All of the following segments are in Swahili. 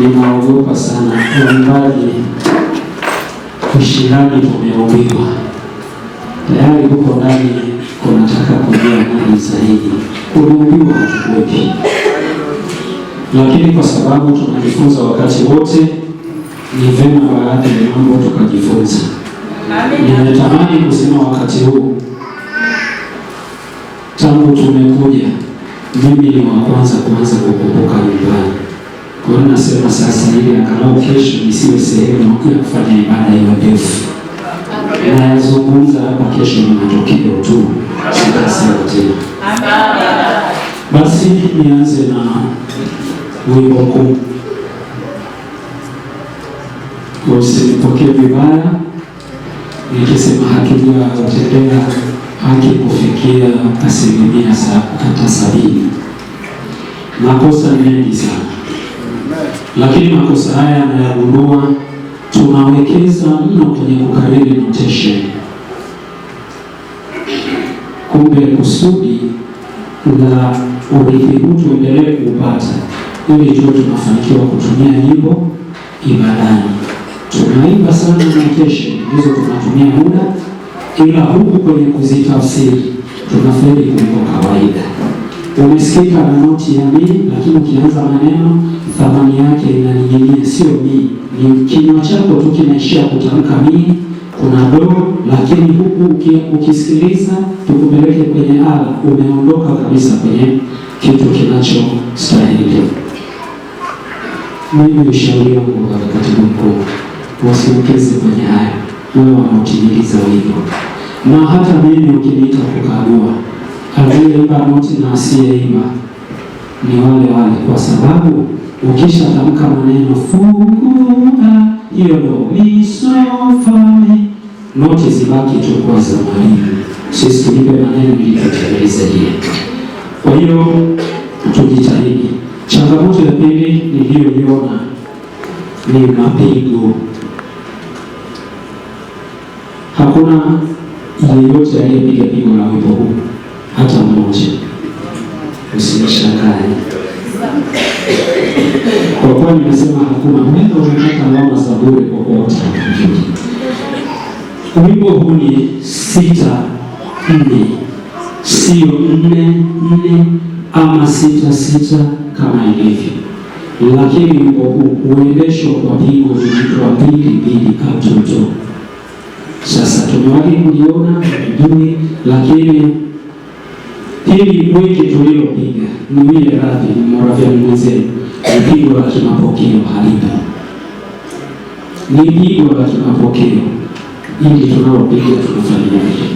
ninaogopa sana uimbaji. Ushindani tumeumbiwa tayari, huko ndani kunataka kujia nani zaidi. Uliumbiwa kuwepi, lakini kwa sababu tunajifunza wakati wote, ni vema baadhi ya mambo tukajifunza. Nimetamani kusema wakati huu, tangu tumekuja, mimi ni wa kwanza kuanza kukumbuka nyumbani kwa hiyo nasema sasa, ili angalau kesho nisiwe sehemu ya kufanya ibada hiyo ndefu. Nayazungumza hapa, kesho ni matokeo tu, si kazi Basi nianze na wimbo kuu Usinipokee vibaya nikisema hakijatendea haki kufikia asilimia hata sabini. Makosa mengi sana lakini makosa haya yanayagundua, tunawekeza mno kwenye kukariri notation, kumbe kusudi la urithi huu tuendelee kuupata ili tuwe tunafanikiwa kutumia nyimbo ibadani. Tunaimba sana notation hizo, tunatumia muda, ila huku kwenye kuzitafsiri tunafeli kuliko kawaida umesikika na noti ya mi, lakini ukianza maneno thamani yake inaning'inia, sio mi. Ni kinywa chako tu kinaishia kutamka mi, kuna do, lakini huku ukisikiliza tukupeleke kwenye ala, umeondoka kabisa kwenye kitu kinachostahili. Mimi ushauri wangu kwa katibu mkuu, wasiwekeze kwenye haya, wewe wanaotimiliza wimbo na hata mimi ukiniita kukagua aliyeimba moti na asiyeimba ni wale wale, kwa sababu ukishatamka maneno fungua hiyo domisofami noti zibaki tu kwa za mwalimu. Sisi tulipe maneno ili tutekeleze hiyo. Kwa hiyo tujitahidi. Changamoto ya pili niliyoiona ni mapigo. Hakuna yeyote aliyepiga pigo la kama unataka mama saburi popote. Wimbo huu ni sita nne, sio nne nne ama sita sita kama ilivyo, lakini wimbo huu huendeshwa kwa pigo linaitwa bidi bidi katoto. Sasa tumewahi kuliona jui, lakini hili bweki tulilopiga ni wile radhi morafyani mwenzenu, upigwa la kimapokeo halipo ni jibu la tunapokea, ili tunaopiga tunafanyaje?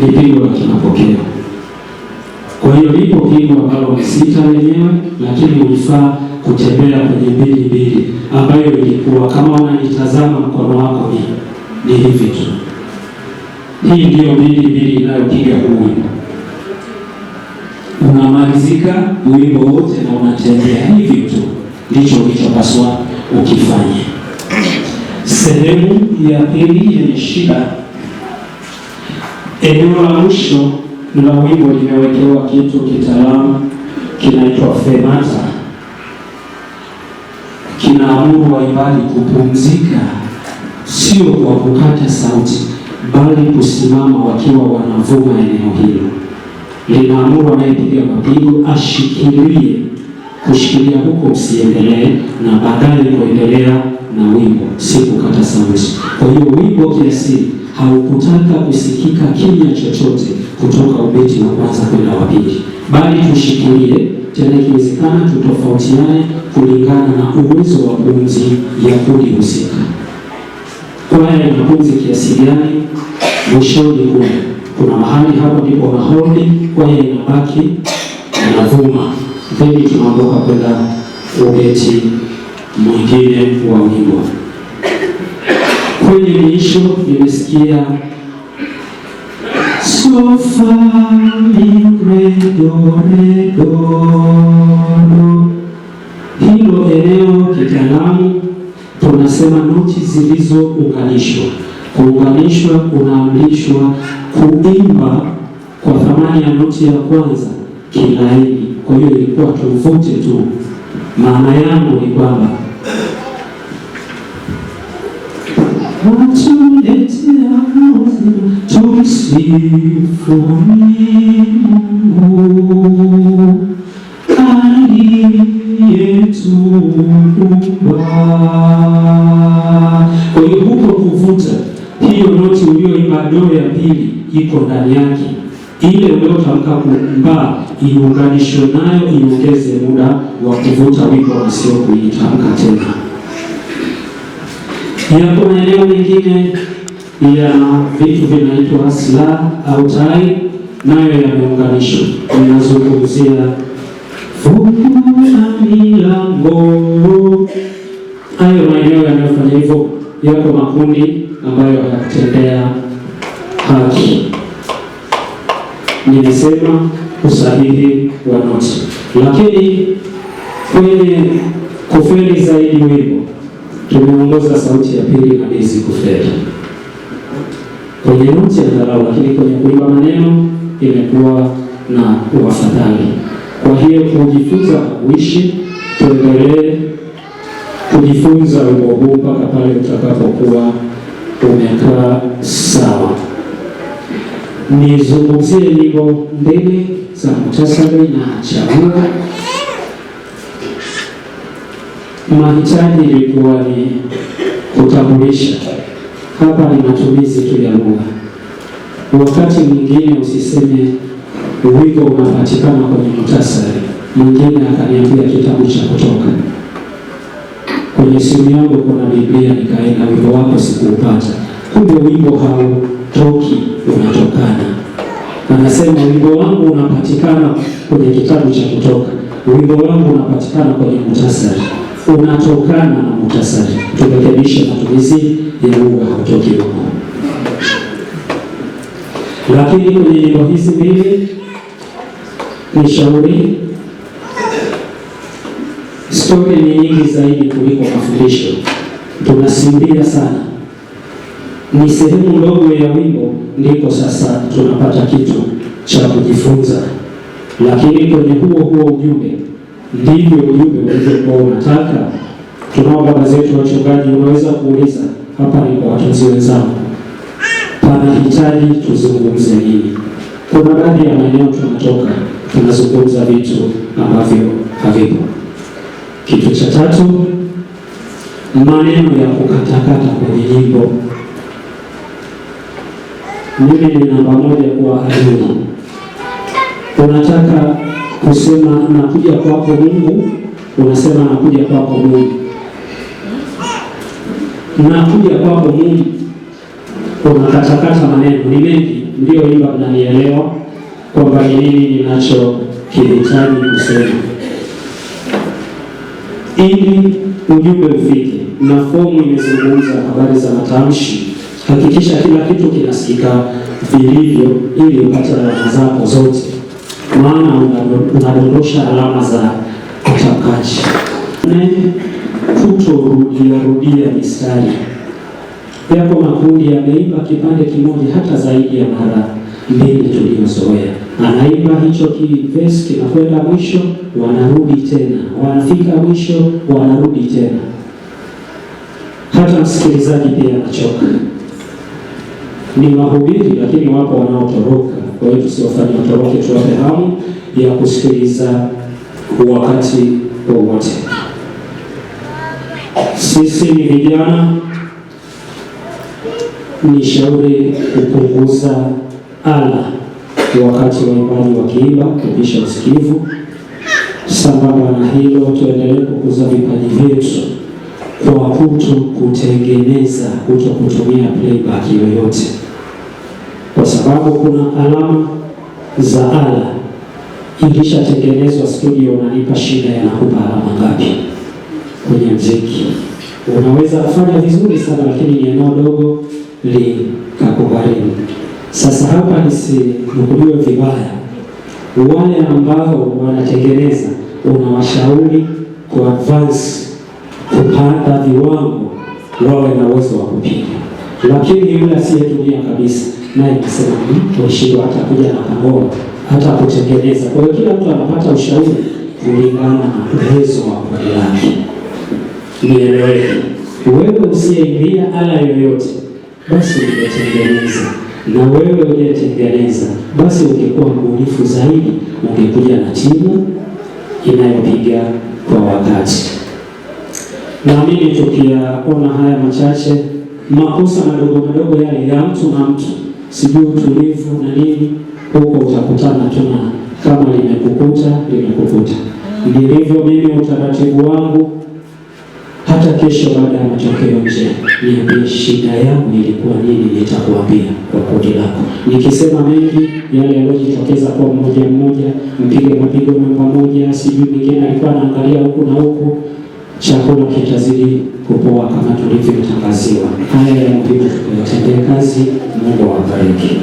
Ni pigo la tunapokea. Kwa hiyo lipo pigo ambalo umesita wenyewe, lakini ulifaa kutembea kwenye mbili mbili ambayo ilikuwa kama unanitazama mkono wako ni ni hivi tu. Hii ndiyo mbili mbili inayopiga huu unamalizika wimbo wote na unatembea hivi tu, ndicho ulichopaswa ukifanya Sehemu ya pili yenye shida, eneo la mwisho la wimbo limewekewa kitu kitaalamu kinaitwa femata, kinaamuru waimbaji kupumzika, sio kwa kukata sauti, bali kusimama wakiwa wanavuma. Eneo hilo linaamuru anayepiga mapigo ashikilie, kushikilia huko usiendelee, na baadaye kuendelea na wimbo, si kukata sauti. Kwa hiyo wimbo kiasili haukutaka kusikika kimya chochote kutoka ubeti wa kwanza kwenda wa pili, bali tushikilie tena, ikiwezekana tutofautiane kulingana na uwezo wa pumzi ya kundi husika. Kwaya ina pumzi kiasi gani? Mwishoni kule kuna mahali hapo ndipo mahoni, kwaya inabaki inavuma, then tunaondoka kwenda ubeti mwingine wa wimbo. Kwenye miisho nimesikia so fa Hilo eneo kitaalamu tunasema noti zilizounganishwa. Kuunganishwa kunaamrishwa kuimba kwa thamani ya noti ya kwanza kilaini. Kwa hiyo ilikuwa tuvute tu, maana yangu ni kwamba Watuletea tumsifu huko kuvuta hiyo noti ya iko ndani yake, ile iunganishwe nayo, iongeze muda wa kuvuta wimbo usiokuitamka tena. Yapo maeneo mengine ya vitu vinaitwa silaha au tai, nayo yameunganishwa. Ninazungumzia funga milango. Hayo maeneo yanayofanya hivyo, yako makundi ambayo hayakutendea haki. Nilisema usahihi wa noti, lakini kwenye kufeli zaidi wimbo Tumeongoza sauti ya pili na Daisy Kufeli kwenye noti ya dharau, lakini kwenye kuimba maneno imekuwa na uafadhali. Kwa hiyo kujifunza kuishi, tuendelee kujifunza wimbo huu mpaka pale utakapokuwa umekaa sawa. Nizungumzie nivyo mbili za muhtasari na chaguo mahitaji ilikuwa ni kutambulisha. Hapa ni matumizi tu ya lugha. Wakati mwingine usiseme wigo unapatikana kwenye muhtasari. Mwingine akaniambia kitabu cha Kutoka, kwenye simu yangu kuna Biblia, nikaenda wigo wako sikuupata. Kumbe wigo hautoki, unatokana. Anasema wigo wangu unapatikana kwenye kitabu cha Kutoka, wigo wangu unapatikana kwenye muhtasari unatokana na muhtasari. Turekebishe matumizi ya lugha hautoki Lakini kwenye nyimbo hizi mbili ni shauri, stori ni nyingi zaidi kuliko mafundisho. Tunasimbia sana, ni sehemu ndogo ya wimbo, ndipo sasa tunapata kitu cha kujifunza, lakini kwenye huo huo ujumbe ndivyo ujumbe ulivyokuwa unataka. Tunaomba wazetu wachungaji, unaweza kuuliza hapa ni kwa watunzi wenzangu, panahitaji tuzungumze nini? Kuna baadhi ya maeneo tunatoka tunazungumza vitu ambavyo havipo. Kitu cha tatu, maneno ya kukatakata kwenye nyimbo. Mimi ni namba moja kuwa halima, unataka kusema nakuja kwako Mungu, unasema nakuja kwako Mungu, nakuja kwako Mungu. Unakatakata maneno ni mengi, ndio imba, mnanielewa kwamba ni nini ninachokihitaji kusema ili ujumbe ufike. Na fomu imezungumza habari za matamshi, hakikisha kila kitu kinasikika vilivyo, ili upate raha zako zote maana unadondosha alama za utakaji. Nne, kutorudiarudia mistari. Yako makundi yameiba kipande kimoja hata zaidi ya mara mbili tuliyozoea. Anaiba hicho kivesi kinakwenda mwisho, wanarudi tena, wanafika mwisho, wanarudi tena. Hata msikilizaji pia anachoka. Ni mahubiri, lakini wapo wanaotoroka kwa hiyo tusiwafanye watoroke, tuwape hamu ya kusikiliza wakati wowote. Sisi ni vijana, ni shauri kupunguza ala wakati waimbaji wakiimba, kupisha usikivu. Sambamba na hilo, tuendelee kukuza vipaji vyetu kwa kuto kutengeneza, kuto kutumia playback yoyote kwa sababu kuna alama za ala ilishatengenezwa studio, unanipa shida nakupa alama ngapi kwenye mziki? Unaweza kufanya vizuri sana, lakini ni eneo dogo likakugharimu. Sasa hapa nisinukuliwe vibaya, wale ambao wanatengeneza unawashauri ku advance kupata viwango, wawe na uwezo wa kupiga, lakini yule asiyetumia kabisa naye anasema mheshimiwa kuja na pango hata kutengeneza. Kwa hiyo kila mtu anapata ushauri kulingana na uwezo wa kundi lake. Nieleweke, wewe usiyeingia ala yoyote, basi ungetengeneza na wewe uliyetengeneza, basi ungekuwa mbunifu zaidi, ungekuja na timu inayopiga kwa wakati. Naamini tukiyaona haya machache makosa madogo madogo yale ya mtu na mtu sijui utulivu na nini, huko utakutana tuna kama limekukuta limekukuta. Ndivyo mimi utaratibu wangu. Hata kesho baada ya matokeo nje, niambie shida yangu ilikuwa nini, nitakuambia kwa kundi lako. Nikisema mengi yale yaliyojitokeza kwa mmoja mmoja, mpige mapigo namba moja, sijui mwingine alikuwa anaangalia huku na huku chakula kitazidi kupoa kama tulivyotangaziwa. Haya ya muhimu tutayatendea kazi. Mungu awabariki.